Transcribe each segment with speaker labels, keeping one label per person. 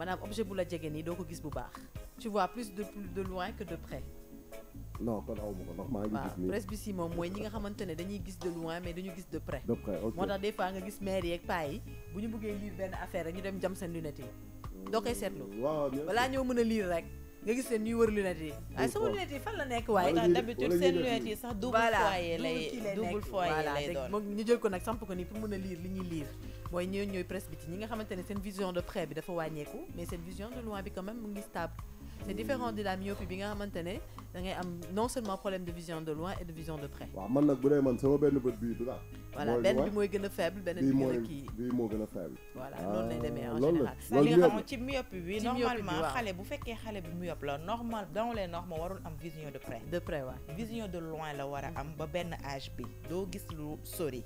Speaker 1: maanaam objet bu la jege ni do ko gis bu baax tu vois plus de de loin que de près
Speaker 2: non kon aw ko ndax maa ngi gis nii presse
Speaker 1: bi si moom mooy ñi nga xamantene dañuy gis de loin mais dañu gis de près de près moo tax des fois nga gis maire ak pay yi bu ñu bëggee lire benn affaire rek ñu dem jam seen lunette yi mm, doo koy seetlu balaa ñoo mën lire rek nga gis leen ñuy wër lunette yi waaye sama lunette yi fan la nekk waaye d'habitude seen lunette yi sax double foyer lay double foyer lay doon moom ñu jël ko nag samp ko ni pour mën a lire li ñuy lire mooy ñoo ñooy presse bi ñi nga xamante ne seen vision de près bi dafa wàññeeku mais seen vision de loin bi quand même mu ngi stable c'est différent de la myopie bi nga xamante ne da ngay am non seulement problème de vision de loin et de vision de près. waaw man
Speaker 2: nag bu dee man sama benn bët bii du la. voilà benn bi mooy
Speaker 1: gën a faible benn bi gën a kii
Speaker 2: bii moo gën a faible. voilà noonu lay ah, demee en général. loolu nga xam
Speaker 1: ci
Speaker 3: myopie bi normalement xale bu fekkee xale bu myope la normal dans les normes warul am vision de près. de près waaw vision de loin la war a am ba benn âge bi doo gis lu sori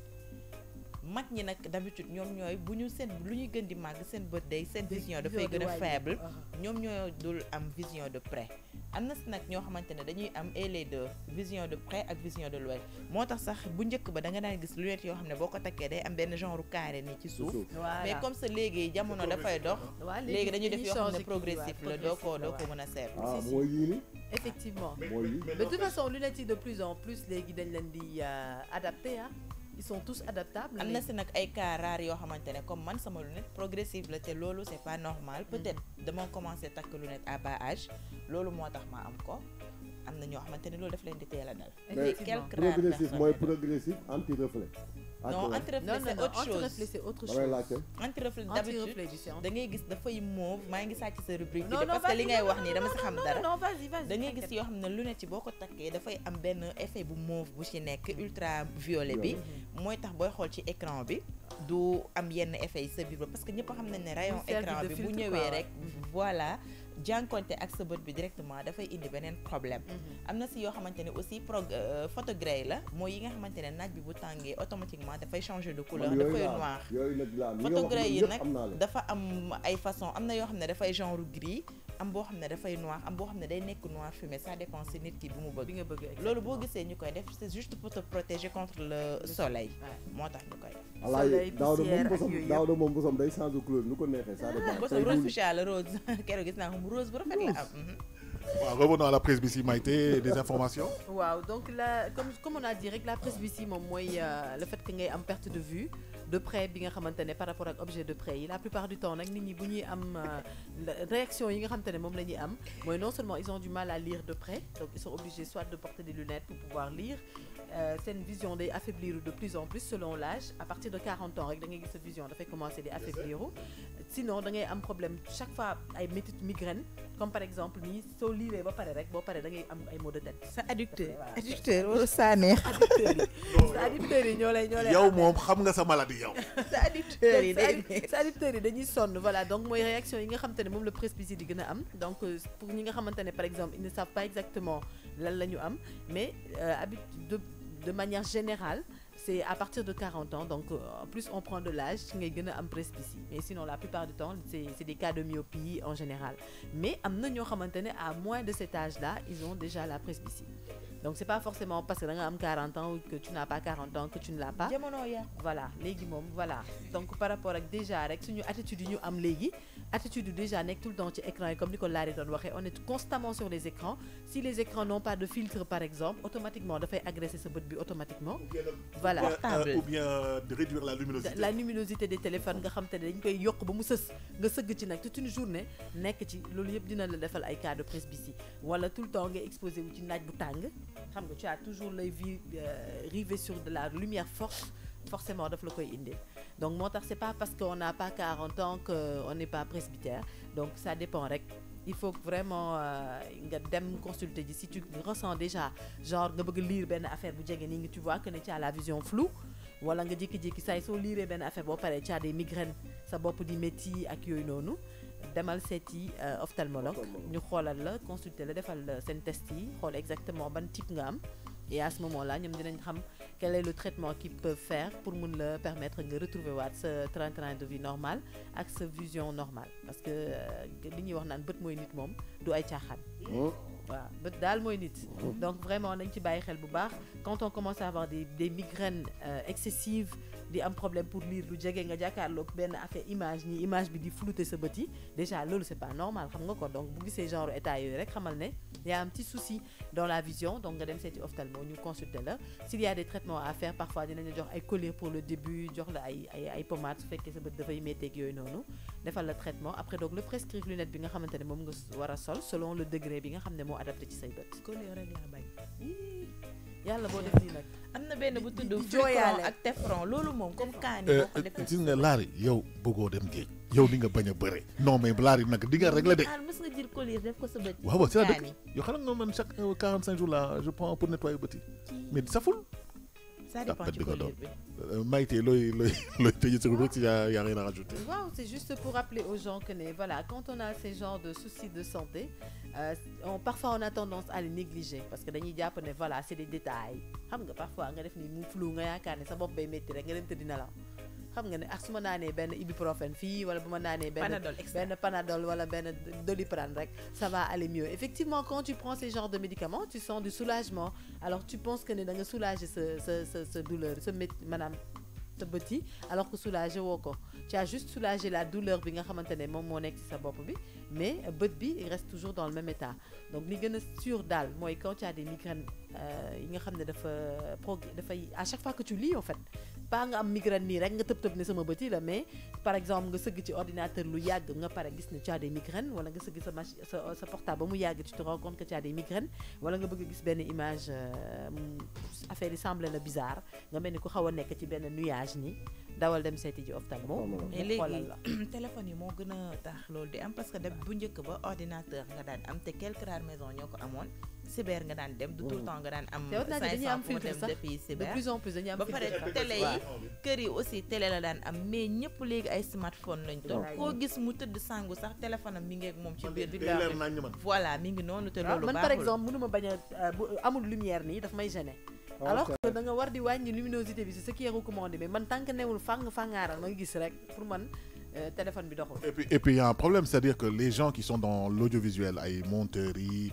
Speaker 3: mag ñi nag d'habitude ñoom ñooy bu ñu seen lu ñuy gën di màgg seen bët day seen vision dafay gën a faible ñoom ñoo dul am vision de près am na si nag ñoo xamante ne dañuy am et les deux vision de près ak vision de loin moo tax sax bu njëkk ba da nga daan gis lunettes yoo xam ne boo ko takkee day am benn genre carré nii ci suuf mais comme ça léegi jamono dafay dox léegi dañuy def yoo xam ne progressif la
Speaker 2: doo ko doo ko mën a seet ah,
Speaker 1: effectivement de toute façon lunettes yi de plus en plus léegi dañ leen di euh, adapté ah hein ils sont tous
Speaker 3: adaptables. Amna c'est nak ay cas rare yo xamantene comme man sama lunette progressive la te lolu c'est pas normal. Mm. peut-être dama commencé takk lunette à bas âge. Lolu motax ma am ko Amna na ñoo xamante daf leen di teel mais progressif
Speaker 2: mooy progressif anti reflet. non anti-reflet
Speaker 3: c'est autre chose anti-reflet c'est autre chose anti-reflet gis dafay mauve maa ngi sàcc sa rubrique bi parce que li ngay wax nii dama si xam dara da ngay gis yoo xam ne lunette yi boo ko takkee dafay am benn effet bu mauve bu ci nekk ultraviolet bi mm-hmm. mooy tax booy xool ci écran bi du am yenn effet yi sa biir parce que ñëpp xam nañ ne rayon écran bi bu ñëwee rek mm-hmm. voilà jànkonte ak sa bët bi directement dafay indi beneen problème mhm. am na si yoo xamante ne aussi pro euh, photogré la mooy yi nga xamante ne naaj bi bu tàngee automatiquement dafay changer de couleur dafay noir
Speaker 2: photogré yi nag
Speaker 3: dafa am ay façon am na yoo xam ne dafay genre gris am boo xam ne dafay noir am boo xam ne day nekk noir fumé ça dépend si nit ki bi mu bëgg loolu boo gisee ñu koy def c'est juste pour te protéger contre le soleil moo tax ñu
Speaker 2: koy def walaay daaw da moom bosom daaw da moom bosom day changer couleur nu ko neexee ça dépend bosom ah, rose fuchsia
Speaker 1: la
Speaker 3: rose
Speaker 1: keroog gis naa xam rose bu rafet la am
Speaker 2: revenons à la presbytie Maïté des informations.
Speaker 1: Wow, donc comme comme on a dit la presbytie moom euh, le fait que ait une perte de vue de près par rapport à objet de près la plupart du temps les nit ñi euh, réaction non seulement ils ont du mal à lire de près donc ils sont obligés soit de porter des lunettes pour pouvoir lire cette euh, vision des affaiblir de plus en plus selon l'âge à partir de 40 ans avec cette vision, on sa vision commencer di affaiblir. sinon on a am problème chaque fois ay métit migraine comme par exemple ni soo liiree ba pare rek boo pare da am ay maux de tête. C'est adducteur adducteur wala sa neex. adducteur yi sa adducteur yi ñoo lay ñoo lay. yow moom xam
Speaker 2: nga sa maladie yow.
Speaker 1: cest adducteur C'est day sa adducteur yi dañuy voilà donc mooy réaction yi nga ne le presbytie di gën am donc euh, pour ñi nga xamante ne par exemple ils ne savent pas exactement lan am mais euh, de, de manière générale c'est à partir de 40 ans donc euh, en plus on prend de l'âge on mais sinon la plupart du temps c'est des cas de myopie en général mais à moins de cet âge là ils ont déjà la presbytie donc ce n'est pas forcément parce que tu as 40 ans ou que tu n'as pas 40 ans que tu ne l'as pas voilà les guimons, voilà donc par rapport à déjà rek suñu attitude yi ñu am attitude déjà avec tout le temps sur l'écran, comme ni ko dit, on est constamment sur les écrans si les écrans n'ont pas de filtre par exemple automatiquement on fait agresser bout de bi automatiquement voilà ou
Speaker 2: bien euh, euh, de réduire la luminosité la
Speaker 1: luminosité des téléphones nga xam que ne dañ koy yokk ba mu sës toute une journée nekk ci loolu yëpp dina la defal ay cas de presbytie wala tout le temps nga exposé ci xam nga tu as toujours la vie euh, rivé sur de la lumière forte forcément daf la koy donc moo tax c'est pas parce qu'on n'a pas 40 ans qu'on n'est pas presbytère donc ça dépend rek il faut vraiment euh, nga dem consulter si tu ressens déjà genre nga bëgg lire benn affaire bu tu vois que tu as la vision floue wala nga jékki-jékki saa soo liiree affaire tu as des migraines sa bopp di métti ak yooyu noonu demal seeti euh, ophtalmologue ñu xoolal la consulter la defal seen test yi xool exactement ban type nga am et à ce moment là ñoom dinañ xam quel est le traitement qu'ils peut faire pour mun la permettre nga retrouver waat sa train-train de vie normal avec sa vision normale parce que euh, li ñuy wax naan bët mooy nit moom du ay caaxaan oh. waaw bët daal mooy nit oh. donc vraiment nañ ci bàyyi xel bu baax quand on commence à avoir des des migraines euh, excessives di am problème pour lire lu jege nga jàkkaarloog benn affaire image ñi image bi di flouter sa bët déjà loolu c'est pas normal xam nga ko donc bu gisee genre état yooyu rek xamal ne y a un petit souci dans la vision donc nga dem seeti ophtalmo ñu consulter la s'il y a des traitements à faire parfois dinañu jox ay collier pour le début jox la ay ay ay pommades su fekkee sa bët dafay métteeg yooyu noonu defal la traitement après donc le prescrire lunette bi nga xamante ne moom nga war a sol selon le degré bi nga xam ne moo adapté ci say bët. collier rek laa bañ. yàlla boo def nii nag
Speaker 3: am na benn bu tudd jooyaale ak tefron loolu moom comme kaani boo eh, ko defee
Speaker 2: gis nga laari yow bëggoo dem géej yow li nga bañ a bëre non mais laari nag di nga rek la de ah,
Speaker 3: ko sa bët waaw waaw c'est la dëkk
Speaker 2: yow xam nga man chaque quarante cinq jours là je prends pour nettoyer bët yi mais saful rien à rajouter.
Speaker 1: c'est juste pour rappeler aux gens que voilà quand on a ces genres de soucis de santé euh, parfois on a tendance à les négliger parce que voilà c'est des détails parfois on xam nga ne ak ah su ma naanee benn ibuprofène fii wala bu ma naanee benn benn panadol wala benn doliprane rek ça va aller mieux effectivement quand tu prends ces genres de médicaments tu sens du soulagement alors tu penses que ne da nga soulager ce, ce, ce, sa douleur ce mét maanaam sa bëti alors que soulagé woo ko tu as juste soulagé la douleur bi nga xamante ne moom moo nekk ci sa bopp bi mais bët bi il reste toujours dans le même état donc li gën a sûr daal mooy quand tu as des migraines euh, yi nga xam ne dafa euh, prog dafay à chaque fois que tu lis en fait pas nga am migraine nii rek nga tëb tëb ne sama bët yi la mais par exemple nga sëgg ci ordinateur lu yàgg nga pare gis ne tu as des wala nga sëgg sa machine sa sa portable ba mu yàgg tu te rends compte que tu as wala nga bëgg a gis benn image euh, affaire yi semble la bizarre nga mel ni ku xaw a nekk ci benn nuage ni dawal dem seeti ji ophtalmo mais léegi
Speaker 3: téléphone yi moo gën a tax loolu di am parce que def bu njëkk ba ordinateur daan am te quelques rares maisons ko amoon cyber nga daan dem du tout mm. nga daan am cinq cent foo dem ba pare kër yi aussi télé la daan am mais ñëpp léegi ay smartphone lañ toog koo gis mu tëdd sangu sax téléphone am mi ngi ak moom ci biir voilà mi ngi noonu te ah, loolu baaxul man par exemple
Speaker 1: mënuma bañ a euh, amul lumière nii daf may gêner alors da nga war di wàññi luminosité bi c'est ce qui est recommandé mais man tant que newul fang fàngaaral ma ngi gis rek pour man euh, téléphone bi doxul. et puis et
Speaker 2: puis y a un problème c'est-à-dire que les gens qui sont dans l'audiovisuel ay monteurs yi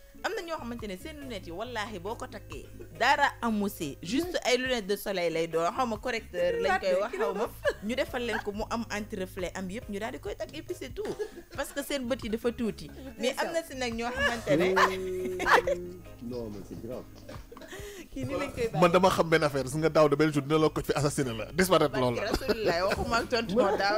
Speaker 3: am na ñoo xamante ne seen lunettes yi wallahi boo ko takkee dara amu juste ay lunettes de soleil lay doon xaw ma correcteur lañ koy wax xaw ma ñu defal leen ko mu am anti reflet am yëpp ñu daal di koy takk et puis c'est tout parce que seen bët yi dafa tuuti mais am na si nag ñoo xamante ne
Speaker 2: non mais c'est grave
Speaker 3: kii ni lañ koy bàyyi man
Speaker 2: dama xam benn affaire su nga daw de benn jour dina la ko fi assassiné la disparaître loolu
Speaker 3: la waxuma ak tontu daaw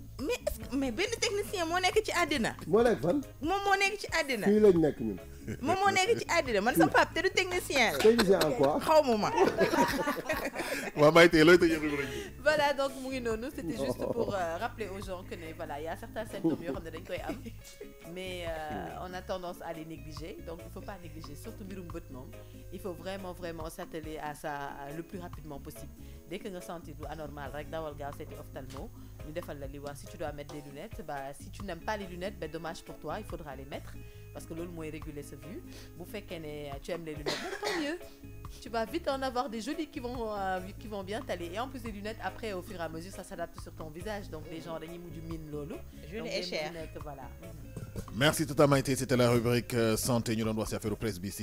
Speaker 3: mais benn technicien mo nek ci adina mo nek fan. moom mo nek ci adina fii
Speaker 2: lañ nek ñun. moom mo nek ci
Speaker 3: adina man sa pap té du technicien
Speaker 2: technicien en quoi xawmu ma wa waaw té loy té rek.
Speaker 1: voilà donc mu ngi nonu c'était juste pour euh, rappeler aux gens que voilà, voilà y a certains symptômes qu'on xam dañ koy am mais euh, on a tendance à les négliger donc il faut pas négliger surtout mbirum bët moom il faut vraiment vraiment s'atteler à ça le plus rapidement possible dès que nga senti lu anormal rek dawal gaaw c'était ophtalmo si tu dois mettre des lunettes bah, si tu n'aimes pas les lunettes ben, dommage pour toi il faudra les mettre parce que l'eau moins réguler ce vue faites qu'elle est, tu aimes les lunettes ben, tant mieux tu vas vite en avoir des jolies qui vont euh, qui vont bien t'aller et en plus des lunettes après au fur et à mesure ça s'adapte sur ton visage donc les gens dañuy du mine lolo. et
Speaker 2: merci tout à Maïté c'était la rubrique euh, santé ñu doon à presse BC.